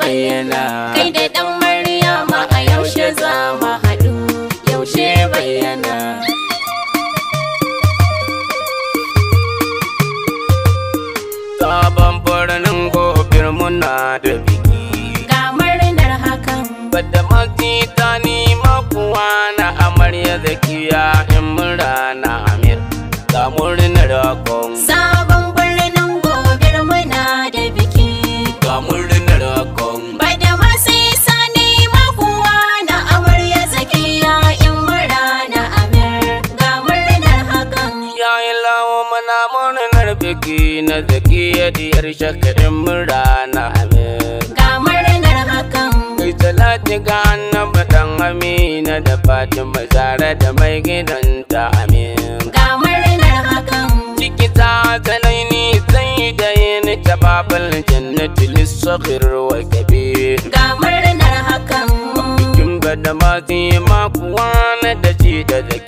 bayyana kai da dan maryama a yaushe za mu haɗu yaushe bayyana sabon birnin gobir muna da biki ga murnar hakan bada makita ni makuwa na amarya zakiya in murna na amir ga murnar hakan. kashe kaɗin rana. Ga murnar hakan. Kai talati ga annaba ɗan Amina da Fatima Zara da mai gidanta Amin. Ga murnar hakan. Ciki ta tsanaini sai da yin ta babal jannati lissafir wa kabir. Ga murnar hakan. Bikin gada ma makuwa na da ji da zaki.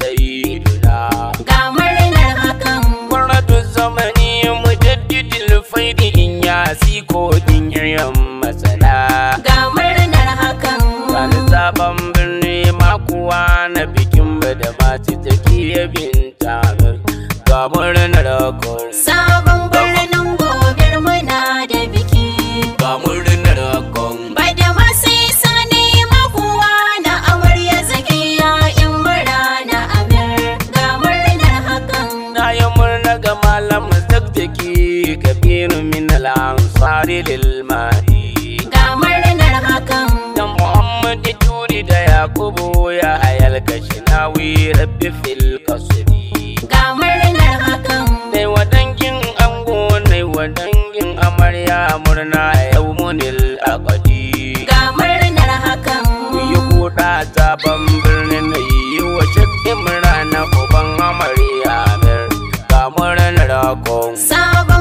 say lil mahi kamar murnar hakan dan muhammad turi da yakubu ya hayal wi rabbi fil kasbi kamar murnar hakan dai wadangin ango ne wadangin amarya murna yaumunil aqdi kamar murnar hakan yi kuda zaban birnin yi wa shakkin murna uban amarya mir ga murnar hakan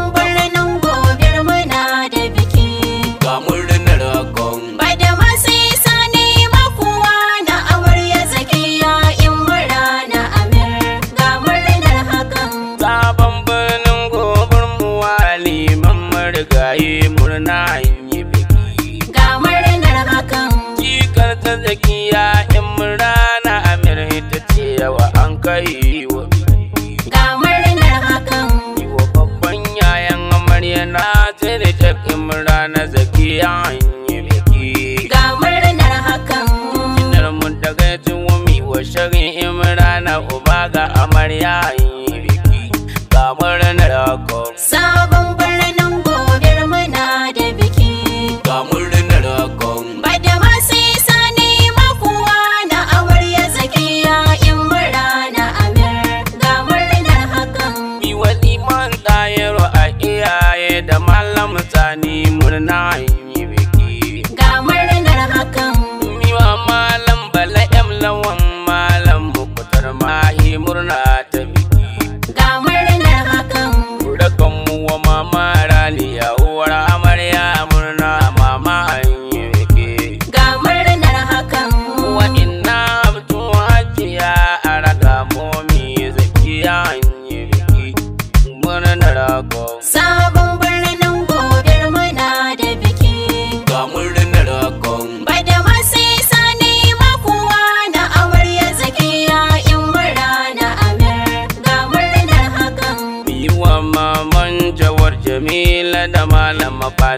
malam tsani murna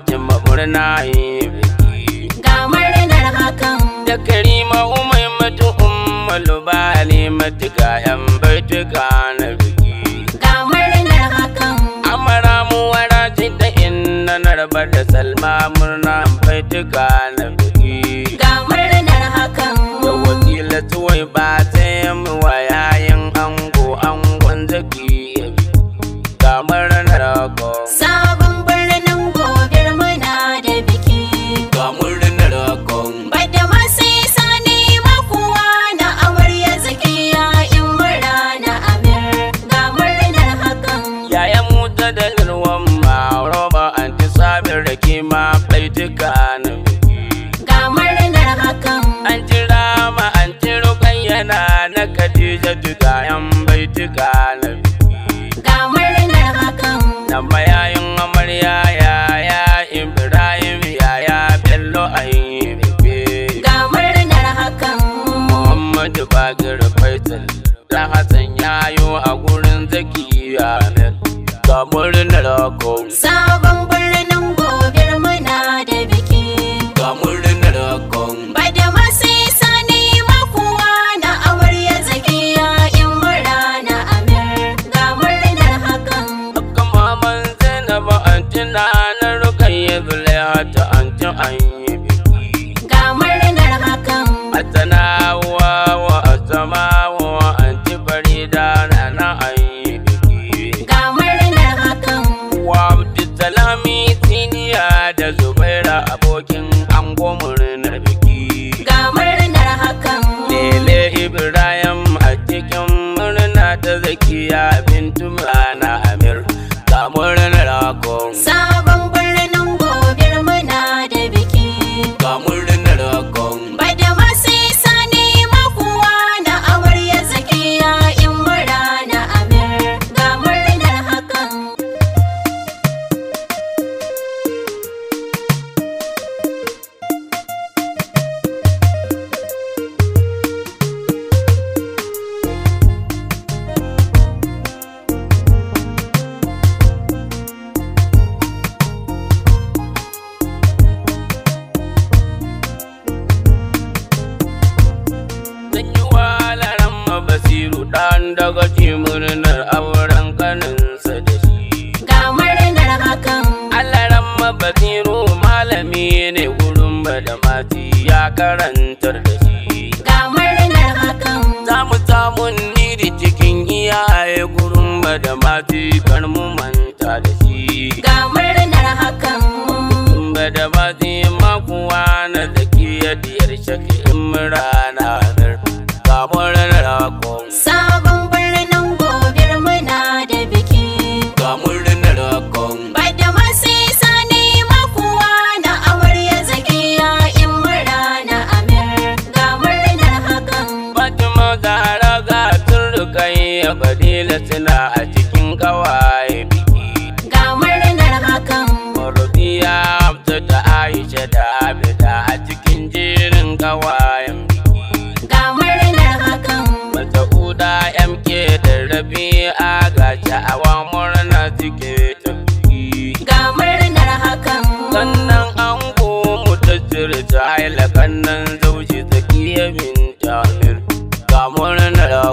Fatima biki Ga murnar hakan Da Karima umar matu Ummalu ba Halimatu ga yan baituka na biki Ga murnar hakan Amara mu wara da inna narba da Salma murna baituka tambaya yin amarya ya ya ibrahim ya ya bello a yi ga murnar hakan muhammadu bagir faisal da hassan yayo a gurin zakiya ga murnar hakan Naziru ɗan daga murnar auren kaninsa da shi. Ga murnar hakan. Allah ramma malami ne gurin badamati ya karantar da shi.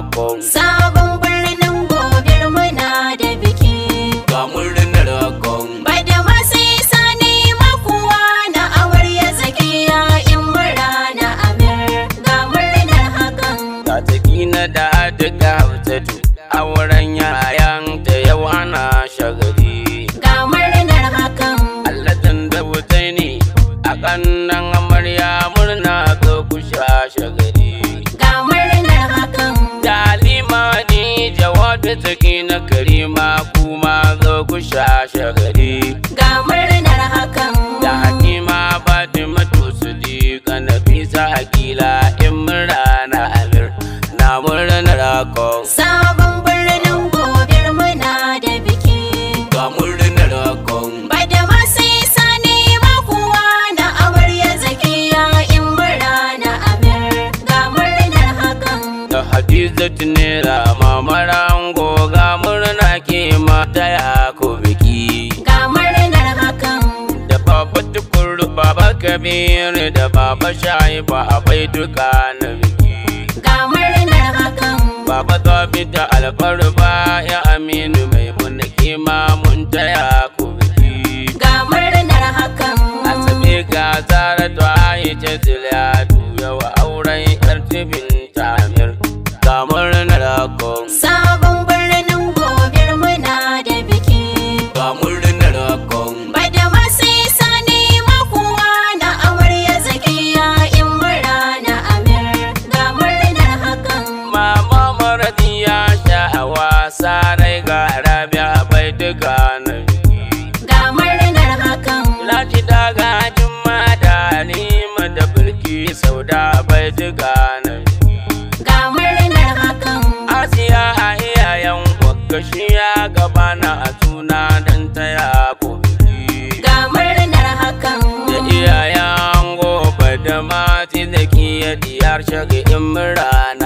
akon sabon birnin gobe muna da biki ga murnar akon bai da masu sani makuwa na awarya zakiya in mura na amir ga murnar hakan ga taki na da duka hautatu auren yayan ta yau na shagali ga murnar hakan allatin da wutai ne a kannan amarya murna ga kusha arziki na karima kuma zo ku sha shagari ga murnar hakan da hakima fatima to su na fisa hakila mashayi ba bai duka na biki ga murnar hakan baba ta fita ba ya aminu sarai ga rabi bai duka nan ga murnar hakan lati daga jumma da nima da bulki sauda bai duka nan ga murnar hakan asiya a iyayen kwakashi ya gaba na a don ta ya ko ga murnar hakan da iyayen gobe da mati da kiyar diyar shaga in murana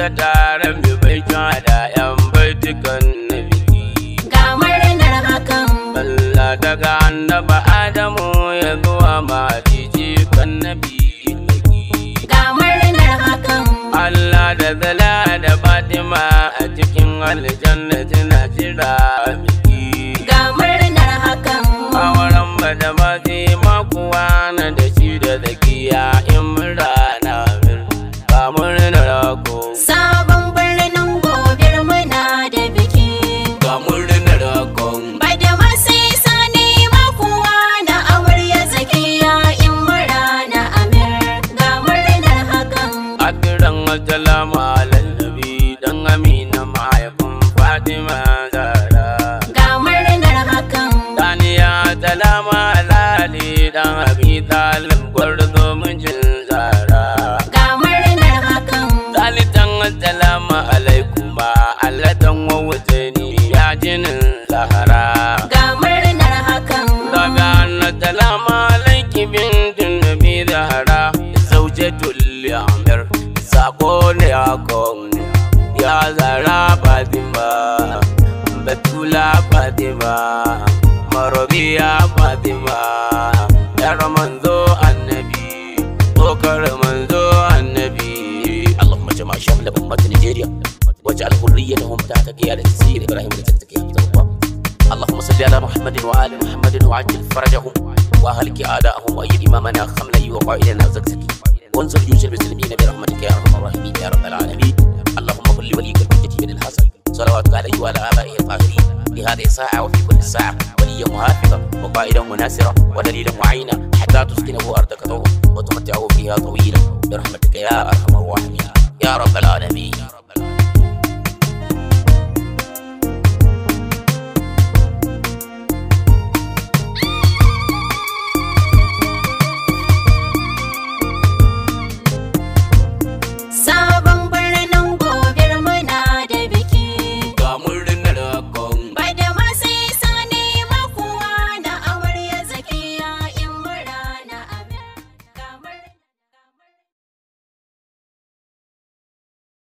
ga taron bibai da yan baitukan na biki ga murnar hakan Allah daga annaba Adamu ya zuwa macici kan nabi ga murnar hakan Allah da zala da Fatima a cikin aljanna rakon ya zara fatima batula fatima marobiya fatima yar manzo annabi kokar manzo annabi allahumma jama'a shamla ummat nigeria واجعل حريتهم تحت قيادة سيد إبراهيم لتكتك يا اللهم صل على محمد وآل محمد وعجل فرجهم وأهلك أعداءهم وأيد إمامنا خملي وقائدنا زكزكي وانصر جيوش المسلمين برحمتك يا الراحمين يا رب العالمين اللهم كن لوليك الحجة بن الحسن صلواتك عليه وعلى آبائه الطاهرين لهذه الساعة وفي كل ساعة وليا محافظا وقائدا مناصرا ودليلا معينا حتى تسكنه أرضك طوعا وتمتعه فيها طويلا برحمتك يا أرحم الراحمين يا رب العالمين